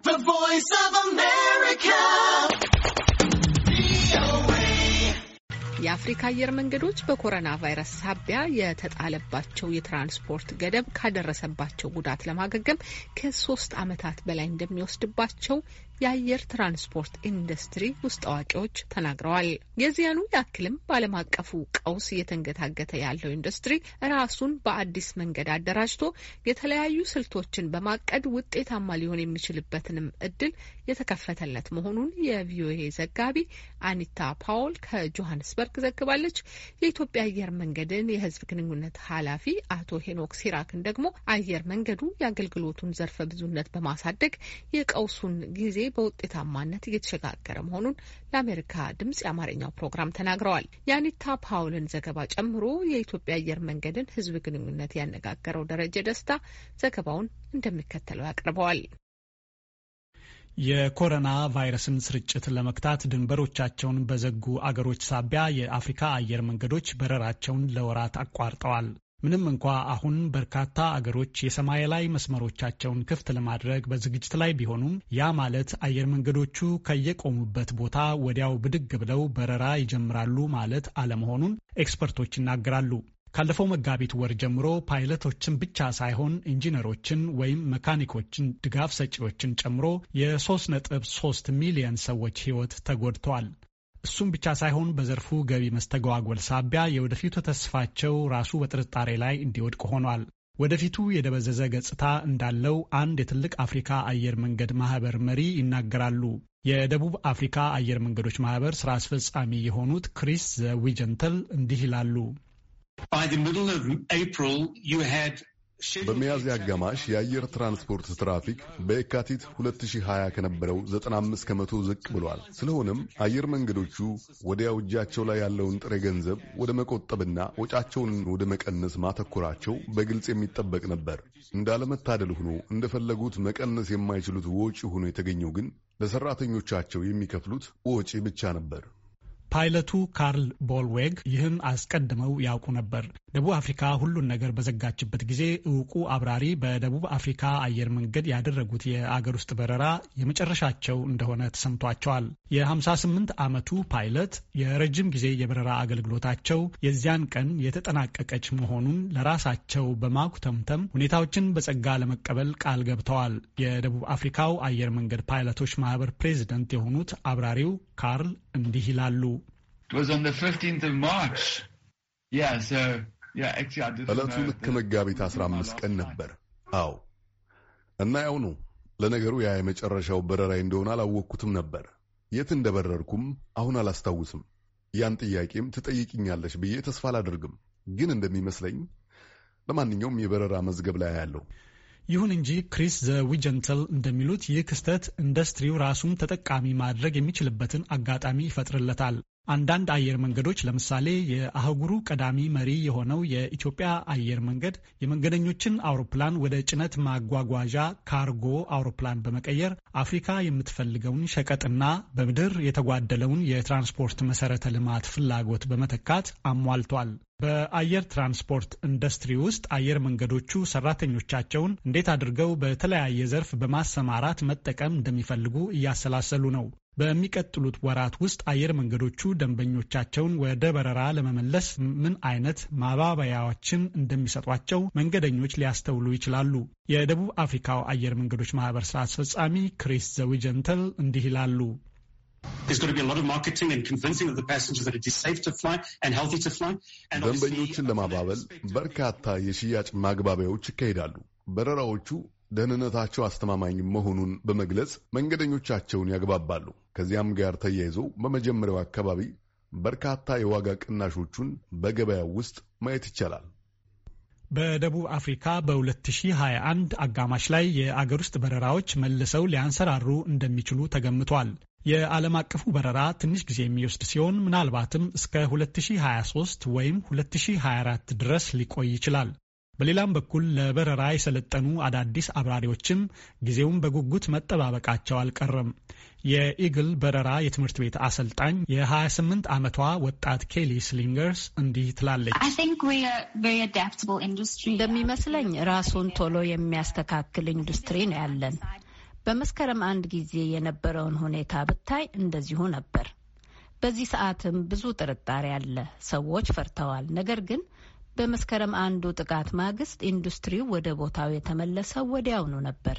The Voice of America. የአፍሪካ አየር መንገዶች በኮሮና ቫይረስ ሳቢያ የተጣለባቸው የትራንስፖርት ገደብ ካደረሰባቸው ጉዳት ለማገገም ከሶስት ዓመታት በላይ እንደሚወስድባቸው የአየር ትራንስፖርት ኢንዱስትሪ ውስጥ አዋቂዎች ተናግረዋል። የዚያኑ ያክልም በዓለም አቀፉ ቀውስ እየተንገታገተ ያለው ኢንዱስትሪ ራሱን በአዲስ መንገድ አደራጅቶ የተለያዩ ስልቶችን በማቀድ ውጤታማ ሊሆን የሚችልበትንም እድል የተከፈተለት መሆኑን የቪኦኤ ዘጋቢ አኒታ ፓውል ከጆሀንስበርግ ዘግባለች። የኢትዮጵያ አየር መንገድን የህዝብ ግንኙነት ኃላፊ አቶ ሄኖክ ሲራክን ደግሞ አየር መንገዱ የአገልግሎቱን ዘርፈ ብዙነት በማሳደግ የቀውሱን ጊዜ በውጤታማነት እየተሸጋገረ መሆኑን ለአሜሪካ ድምጽ የአማርኛው ፕሮግራም ተናግረዋል። የአኒታ ፓውልን ዘገባ ጨምሮ የኢትዮጵያ አየር መንገድን ሕዝብ ግንኙነት ያነጋገረው ደረጀ ደስታ ዘገባውን እንደሚከተለው ያቀርበዋል። የኮሮና ቫይረስን ስርጭት ለመግታት ድንበሮቻቸውን በዘጉ አገሮች ሳቢያ የአፍሪካ አየር መንገዶች በረራቸውን ለወራት አቋርጠዋል። ምንም እንኳ አሁን በርካታ አገሮች የሰማይ ላይ መስመሮቻቸውን ክፍት ለማድረግ በዝግጅት ላይ ቢሆኑም ያ ማለት አየር መንገዶቹ ከየቆሙበት ቦታ ወዲያው ብድግ ብለው በረራ ይጀምራሉ ማለት አለመሆኑን ኤክስፐርቶች ይናገራሉ። ካለፈው መጋቢት ወር ጀምሮ ፓይለቶችን ብቻ ሳይሆን ኢንጂነሮችን ወይም መካኒኮችን፣ ድጋፍ ሰጪዎችን ጨምሮ የ3.3 ሚሊዮን ሰዎች ሕይወት ተጎድተዋል። እሱም ብቻ ሳይሆን በዘርፉ ገቢ መስተጓጎል ሳቢያ የወደፊቱ ተስፋቸው ራሱ በጥርጣሬ ላይ እንዲወድቅ ሆኗል። ወደፊቱ የደበዘዘ ገጽታ እንዳለው አንድ የትልቅ አፍሪካ አየር መንገድ ማህበር መሪ ይናገራሉ። የደቡብ አፍሪካ አየር መንገዶች ማህበር ስራ አስፈጻሚ የሆኑት ክሪስ ዘዊጀንተል እንዲህ ይላሉ። በሚያዝያ አጋማሽ የአየር ትራንስፖርት ትራፊክ በየካቲት 2020 ከነበረው 95 ከመቶ ዝቅ ብሏል። ስለሆነም አየር መንገዶቹ ወዲያው እጃቸው ላይ ያለውን ጥሬ ገንዘብ ወደ መቆጠብና ወጫቸውን ወደ መቀነስ ማተኮራቸው በግልጽ የሚጠበቅ ነበር። እንዳለመታደል ሆኖ እንደፈለጉት መቀነስ የማይችሉት ወጪ ሆኖ የተገኘው ግን ለሰራተኞቻቸው የሚከፍሉት ወጪ ብቻ ነበር። ፓይለቱ ካርል ቦልዌግ ይህን አስቀድመው ያውቁ ነበር። ደቡብ አፍሪካ ሁሉን ነገር በዘጋችበት ጊዜ እውቁ አብራሪ በደቡብ አፍሪካ አየር መንገድ ያደረጉት የአገር ውስጥ በረራ የመጨረሻቸው እንደሆነ ተሰምቷቸዋል። የ58 ዓመቱ ፓይለት የረጅም ጊዜ የበረራ አገልግሎታቸው የዚያን ቀን የተጠናቀቀች መሆኑን ለራሳቸው በማኩተምተም ሁኔታዎችን በጸጋ ለመቀበል ቃል ገብተዋል። የደቡብ አፍሪካው አየር መንገድ ፓይለቶች ማህበር ፕሬዚደንት የሆኑት አብራሪው ካርል እንዲህ ይላሉ። ዕለቱን ከመጋቢት 15 ቀን ነበር። አዎ እና ያው ነው። ለነገሩ ያ የመጨረሻው በረራይ እንደሆነ አላወቅኩትም ነበር። የት እንደበረርኩም አሁን አላስታውስም። ያን ጥያቄም ትጠይቅኛለሽ ብዬ ተስፋ አላደርግም፣ ግን እንደሚመስለኝ ለማንኛውም የበረራ መዝገብ ላይ ያለው ይሁን እንጂ ክሪስ ዘ ዊጀንትል እንደሚሉት ይህ ክስተት ኢንዱስትሪው ራሱን ተጠቃሚ ማድረግ የሚችልበትን አጋጣሚ ይፈጥርለታል። አንዳንድ አየር መንገዶች ለምሳሌ የአህጉሩ ቀዳሚ መሪ የሆነው የኢትዮጵያ አየር መንገድ የመንገደኞችን አውሮፕላን ወደ ጭነት ማጓጓዣ ካርጎ አውሮፕላን በመቀየር አፍሪካ የምትፈልገውን ሸቀጥና በምድር የተጓደለውን የትራንስፖርት መሰረተ ልማት ፍላጎት በመተካት አሟልቷል። በአየር ትራንስፖርት ኢንዱስትሪ ውስጥ አየር መንገዶቹ ሰራተኞቻቸውን እንዴት አድርገው በተለያየ ዘርፍ በማሰማራት መጠቀም እንደሚፈልጉ እያሰላሰሉ ነው። በሚቀጥሉት ወራት ውስጥ አየር መንገዶቹ ደንበኞቻቸውን ወደ በረራ ለመመለስ ምን አይነት ማባበያዎችን እንደሚሰጧቸው መንገደኞች ሊያስተውሉ ይችላሉ። የደቡብ አፍሪካው አየር መንገዶች ማህበር ስራ አስፈጻሚ ክሪስ ዘዊጀንተል እንዲህ ይላሉ። ደንበኞችን ለማባበል በርካታ የሽያጭ ማግባቢያዎች ይካሄዳሉ። በረራዎቹ ደህንነታቸው አስተማማኝ መሆኑን በመግለጽ መንገደኞቻቸውን ያግባባሉ። ከዚያም ጋር ተያይዞ በመጀመሪያው አካባቢ በርካታ የዋጋ ቅናሾቹን በገበያው ውስጥ ማየት ይቻላል። በደቡብ አፍሪካ በ2021 አጋማሽ ላይ የአገር ውስጥ በረራዎች መልሰው ሊያንሰራሩ እንደሚችሉ ተገምቷል። የዓለም አቀፉ በረራ ትንሽ ጊዜ የሚወስድ ሲሆን ምናልባትም እስከ 2023 ወይም 2024 ድረስ ሊቆይ ይችላል። በሌላም በኩል ለበረራ የሰለጠኑ አዳዲስ አብራሪዎችም ጊዜውን በጉጉት መጠባበቃቸው አልቀረም። የኢግል በረራ የትምህርት ቤት አሰልጣኝ የ28 ዓመቷ ወጣት ኬሊ ስሊንገርስ እንዲህ ትላለች። እንደሚመስለኝ ራሱን ቶሎ የሚያስተካክል ኢንዱስትሪ ነው ያለን። በመስከረም አንድ ጊዜ የነበረውን ሁኔታ ብታይ እንደዚሁ ነበር። በዚህ ሰዓትም ብዙ ጥርጣሬ አለ። ሰዎች ፈርተዋል። ነገር ግን በመስከረም አንዱ ጥቃት ማግስት ኢንዱስትሪው ወደ ቦታው የተመለሰው ወዲያውኑ ነበር።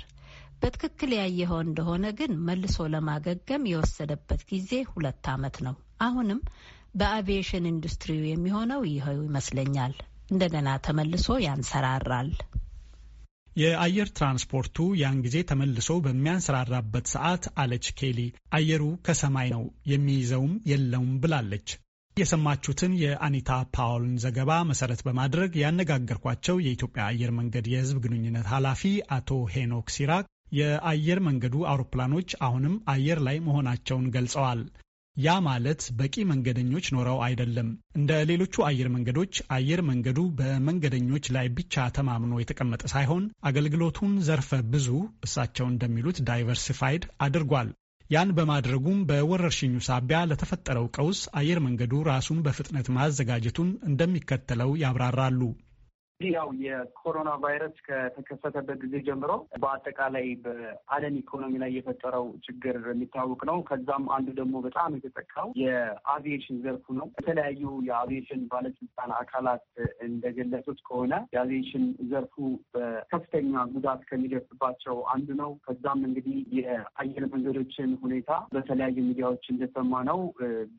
በትክክል ያየኸው እንደሆነ ግን መልሶ ለማገገም የወሰደበት ጊዜ ሁለት ዓመት ነው። አሁንም በአቪዬሽን ኢንዱስትሪው የሚሆነው ይኸው ይመስለኛል። እንደገና ተመልሶ ያንሰራራል። የአየር ትራንስፖርቱ ያን ጊዜ ተመልሶ በሚያንሰራራበት ሰዓት አለች ኬሊ፣ አየሩ ከሰማይ ነው የሚይዘውም የለውም ብላለች። የሰማችሁትን የአኒታ ፓውልን ዘገባ መሰረት በማድረግ ያነጋገርኳቸው የኢትዮጵያ አየር መንገድ የሕዝብ ግንኙነት ኃላፊ አቶ ሄኖክ ሲራክ የአየር መንገዱ አውሮፕላኖች አሁንም አየር ላይ መሆናቸውን ገልጸዋል። ያ ማለት በቂ መንገደኞች ኖረው አይደለም። እንደ ሌሎቹ አየር መንገዶች አየር መንገዱ በመንገደኞች ላይ ብቻ ተማምኖ የተቀመጠ ሳይሆን አገልግሎቱን ዘርፈ ብዙ እሳቸው እንደሚሉት ዳይቨርሲፋይድ አድርጓል። ያን በማድረጉም በወረርሽኙ ሳቢያ ለተፈጠረው ቀውስ አየር መንገዱ ራሱን በፍጥነት ማዘጋጀቱን እንደሚከተለው ያብራራሉ። እንግዲህ ያው የኮሮና ቫይረስ ከተከሰተበት ጊዜ ጀምሮ በአጠቃላይ በዓለም ኢኮኖሚ ላይ የፈጠረው ችግር የሚታወቅ ነው። ከዛም አንዱ ደግሞ በጣም የተጠቃው የአቪዬሽን ዘርፉ ነው። የተለያዩ የአቪዬሽን ባለስልጣን አካላት እንደገለጹት ከሆነ የአቪዬሽን ዘርፉ በከፍተኛ ጉዳት ከሚደርስባቸው አንዱ ነው። ከዛም እንግዲህ የአየር መንገዶችን ሁኔታ በተለያዩ ሚዲያዎች እንደሰማ ነው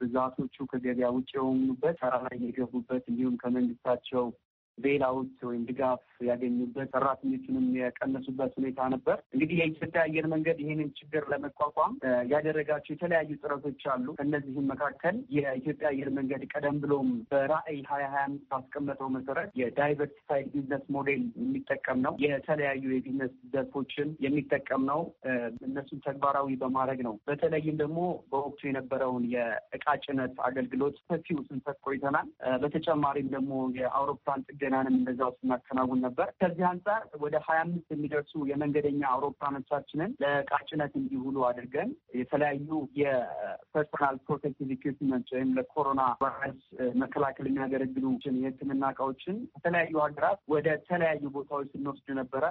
ብዛቶቹ ከገበያ ውጭ የሆኑበት ሰራ ላይ የገቡበት እንዲሁም ከመንግስታቸው ቤላውት ወይም ድጋፍ ያገኙበት ሰራተኞችንም የቀነሱበት ሁኔታ ነበር። እንግዲህ የኢትዮጵያ አየር መንገድ ይህንን ችግር ለመቋቋም ያደረጋቸው የተለያዩ ጥረቶች አሉ። ከእነዚህም መካከል የኢትዮጵያ አየር መንገድ ቀደም ብሎም በራዕይ ሀያ ሀያ አምስት ባስቀመጠው መሰረት የዳይቨርሲፋይድ ቢዝነስ ሞዴል የሚጠቀም ነው። የተለያዩ የቢዝነስ ዘርፎችን የሚጠቀም ነው። እነሱን ተግባራዊ በማድረግ ነው። በተለይም ደግሞ በወቅቱ የነበረውን የእቃ ጭነት አገልግሎት ሰፊው ስንሰጥ ቆይተናል። በተጨማሪም ደግሞ የአውሮፕላን ጥገ ጤናንም እንደዛው ስናከናውን ነበር። ከዚህ አንጻር ወደ ሀያ አምስት የሚደርሱ የመንገደኛ አውሮፕላኖቻችንን ለቃጭነት እንዲውሉ አድርገን የተለያዩ የፐርሶናል ፕሮቴክቲቭ ኢኩዊፕመንት ወይም ለኮሮና ቫይረስ መከላከል የሚያገለግሉ የሕክምና እቃዎችን ከተለያዩ ሀገራት ወደ ተለያዩ ቦታዎች ስንወስድ ነበረ።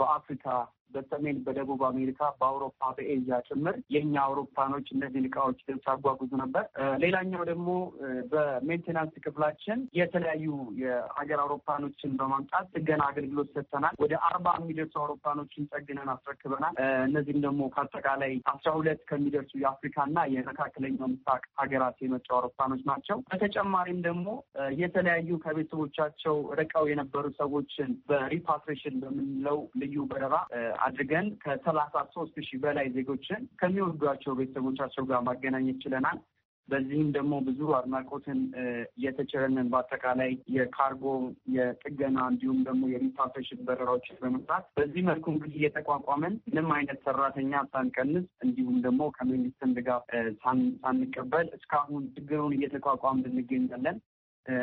በአፍሪካ በሰሜን በደቡብ አሜሪካ፣ በአውሮፓ፣ በኤዥያ ጭምር የኛ አውሮፓኖች እነዚህን እቃዎች ሲያጓጉዙ ነበር። ሌላኛው ደግሞ በሜንቴናንስ ክፍላችን የተለያዩ የሀገር አውሮፓኖችን በማምጣት ጥገና አገልግሎት ሰጥተናል። ወደ አርባ የሚደርሱ አውሮፓኖችን ጠግነን አስረክበናል። እነዚህም ደግሞ ከአጠቃላይ አስራ ሁለት ከሚደርሱ የአፍሪካና የመካከለኛው ምስራቅ ሀገራት የመጡ አውሮፓኖች ናቸው። በተጨማሪም ደግሞ የተለያዩ ከቤተሰቦቻቸው ርቀው የነበሩ ሰዎችን በሪፓትሬሽን በምንለው ልዩ በረራ አድርገን ከሰላሳ ሶስት ሺህ በላይ ዜጎችን ከሚወዷቸው ቤተሰቦቻቸው ጋር ማገናኘት ችለናል። በዚህም ደግሞ ብዙ አድናቆትን እየተቸረንን በአጠቃላይ የካርጎ የጥገና እንዲሁም ደግሞ የሪፓርቴሽን በረራዎችን በመስራት በዚህ መልኩ እንግዲህ እየተቋቋመን ምንም አይነት ሰራተኛ ሳንቀንስ እንዲሁም ደግሞ ከመንግስትን ድጋፍ ሳንቀበል እስካሁን ችግሩን እየተቋቋምን እንገኛለን።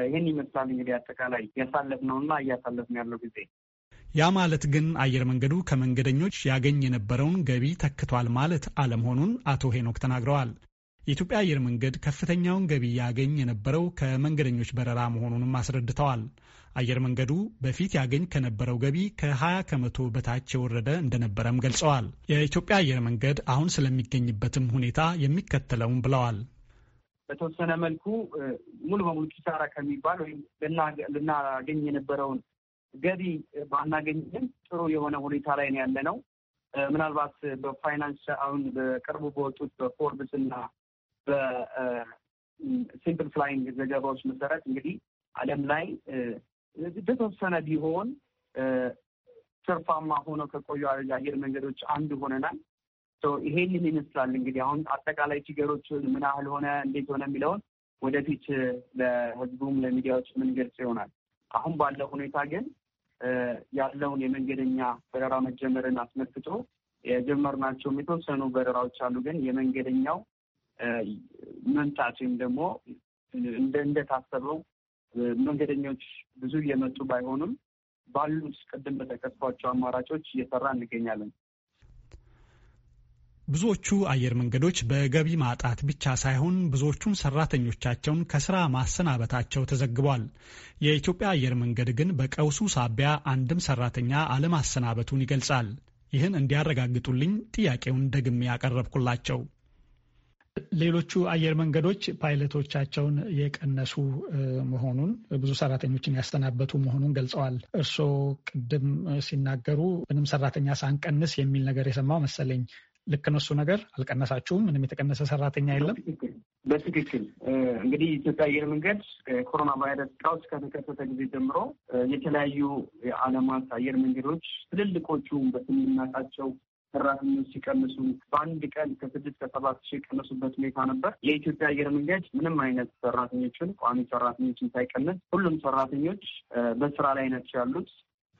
ይህን ይመስላል እንግዲህ አጠቃላይ ያሳለፍነውና ነው ያለው ጊዜ ያ ማለት ግን አየር መንገዱ ከመንገደኞች ያገኝ የነበረውን ገቢ ተክቷል ማለት አለመሆኑን አቶ ሄኖክ ተናግረዋል። የኢትዮጵያ አየር መንገድ ከፍተኛውን ገቢ ያገኝ የነበረው ከመንገደኞች በረራ መሆኑንም አስረድተዋል። አየር መንገዱ በፊት ያገኝ ከነበረው ገቢ ከ20 ከመቶ በታች የወረደ እንደነበረም ገልጸዋል። የኢትዮጵያ አየር መንገድ አሁን ስለሚገኝበትም ሁኔታ የሚከተለውም ብለዋል። በተወሰነ መልኩ ሙሉ በሙሉ ኪሳራ ከሚባል ወይም ልናገኝ የነበረውን ገቢ ባናገኝም ጥሩ የሆነ ሁኔታ ላይ ነው ያለ ነው። ምናልባት በፋይናንስ አሁን በቅርቡ በወጡት በፎርብስ እና በሲምፕል ፍላይንግ ዘገባዎች መሰረት እንግዲህ ዓለም ላይ በተወሰነ ቢሆን ትርፋማ ሆኖ ከቆዩ አየር መንገዶች አንዱ ሆነናል። ይሄንን ይመስላል እንግዲህ አሁን አጠቃላይ ፊገሮች ምን ያህል ሆነ እንዴት ሆነ የሚለውን ወደፊት ለህዝቡም ለሚዲያዎች ምንገልጽ ይሆናል። አሁን ባለው ሁኔታ ግን ያለውን የመንገደኛ በረራ መጀመርን አስመልክቶ የጀመርናቸውም የተወሰኑ በረራዎች አሉ። ግን የመንገደኛው መምጣት ወይም ደግሞ እንደታሰበው መንገደኞች ብዙ እየመጡ ባይሆንም ባሉት ቅድም በጠቀስኳቸው አማራጮች እየሰራ እንገኛለን። ብዙዎቹ አየር መንገዶች በገቢ ማጣት ብቻ ሳይሆን ብዙዎቹም ሰራተኞቻቸውን ከስራ ማሰናበታቸው ተዘግቧል። የኢትዮጵያ አየር መንገድ ግን በቀውሱ ሳቢያ አንድም ሰራተኛ አለማሰናበቱን ይገልጻል። ይህን እንዲያረጋግጡልኝ ጥያቄውን ደግሜ ያቀረብኩላቸው። ሌሎቹ አየር መንገዶች ፓይለቶቻቸውን የቀነሱ መሆኑን ብዙ ሰራተኞችን ያሰናበቱ መሆኑን ገልጸዋል። እርስዎ ቅድም ሲናገሩ ምንም ሰራተኛ ሳንቀንስ የሚል ነገር የሰማው መሰለኝ። ልክ ነው እሱ ነገር አልቀነሳችሁም? ምንም የተቀነሰ ሰራተኛ የለም። በትክክል እንግዲህ የኢትዮጵያ አየር መንገድ ከኮሮና ቫይረስ ቀውስ ከተከሰተ ጊዜ ጀምሮ የተለያዩ የዓለማት አየር መንገዶች ትልልቆቹ በስምናቃቸው ሰራተኞች ሲቀንሱ በአንድ ቀን ከስድስት ከሰባት ሺህ የቀነሱበት ሁኔታ ነበር። የኢትዮጵያ አየር መንገድ ምንም አይነት ሰራተኞችን ቋሚ ሰራተኞችን ሳይቀንስ ሁሉም ሰራተኞች በስራ ላይ ናቸው ያሉት።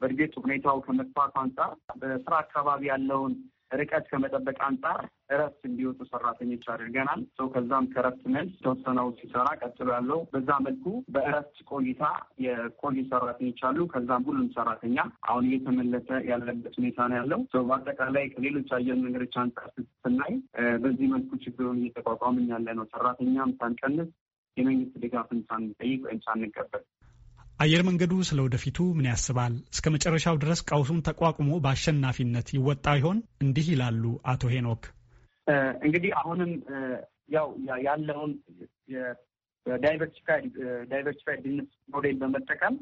በእርግጥ ሁኔታው ከመጥፋት አንጻር በስራ አካባቢ ያለውን ርቀት ከመጠበቅ አንጻር እረፍት እንዲወጡ ሰራተኞች አድርገናል። ሰው ከዛም ከእረፍት መልስ ተወሰነው ሲሰራ ቀጥሎ ያለው በዛ መልኩ በእረፍት ቆይታ የቆዩ ሰራተኞች አሉ። ከዛም ሁሉም ሰራተኛ አሁን እየተመለሰ ያለበት ሁኔታ ነው ያለው። ሰው በአጠቃላይ ከሌሎች አየር መንገዶች አንጻር ስናይ በዚህ መልኩ ችግሩን እየተቋቋምን ያለ ነው። ሰራተኛም ሳንቀንስ የመንግስት ድጋፍን ሳንጠይቅ ወይም ሳንቀበል አየር መንገዱ ስለ ወደፊቱ ምን ያስባል? እስከ መጨረሻው ድረስ ቀውሱን ተቋቁሞ በአሸናፊነት ይወጣ ይሆን? እንዲህ ይላሉ አቶ ሄኖክ። እንግዲህ አሁንም ያው ያለውን ዳይቨርሲፋይድ ቢዝነስ ሞዴል በመጠቀም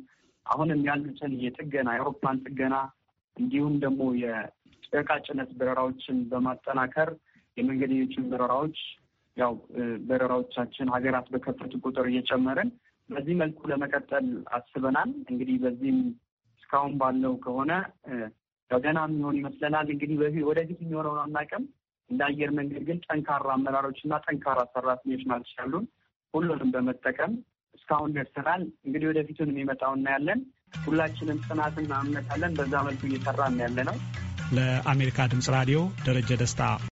አሁንም ያሉትን የጥገና የአውሮፕላን ጥገና እንዲሁም ደግሞ የዕቃ ጭነት በረራዎችን በማጠናከር የመንገደኞችን በረራዎች ያው በረራዎቻችን ሀገራት በከፈቱ ቁጥር እየጨመርን በዚህ መልኩ ለመቀጠል አስበናል። እንግዲህ በዚህም እስካሁን ባለው ከሆነ ገና የሚሆን ይመስለናል። እንግዲህ ወደፊት የሚሆነውን አናውቅም። እንደ አየር መንገድ ግን ጠንካራ አመራሮች እና ጠንካራ ሰራተኞች ናቸው ያሉን። ሁሉንም በመጠቀም እስካሁን ደርሰናል። እንግዲህ ወደፊቱን የሚመጣው እናያለን። ሁላችንም ጽናትና እምነት አለን። በዛ መልኩ እየሰራ ያለ ነው። ለአሜሪካ ድምፅ ራዲዮ ደረጀ ደስታ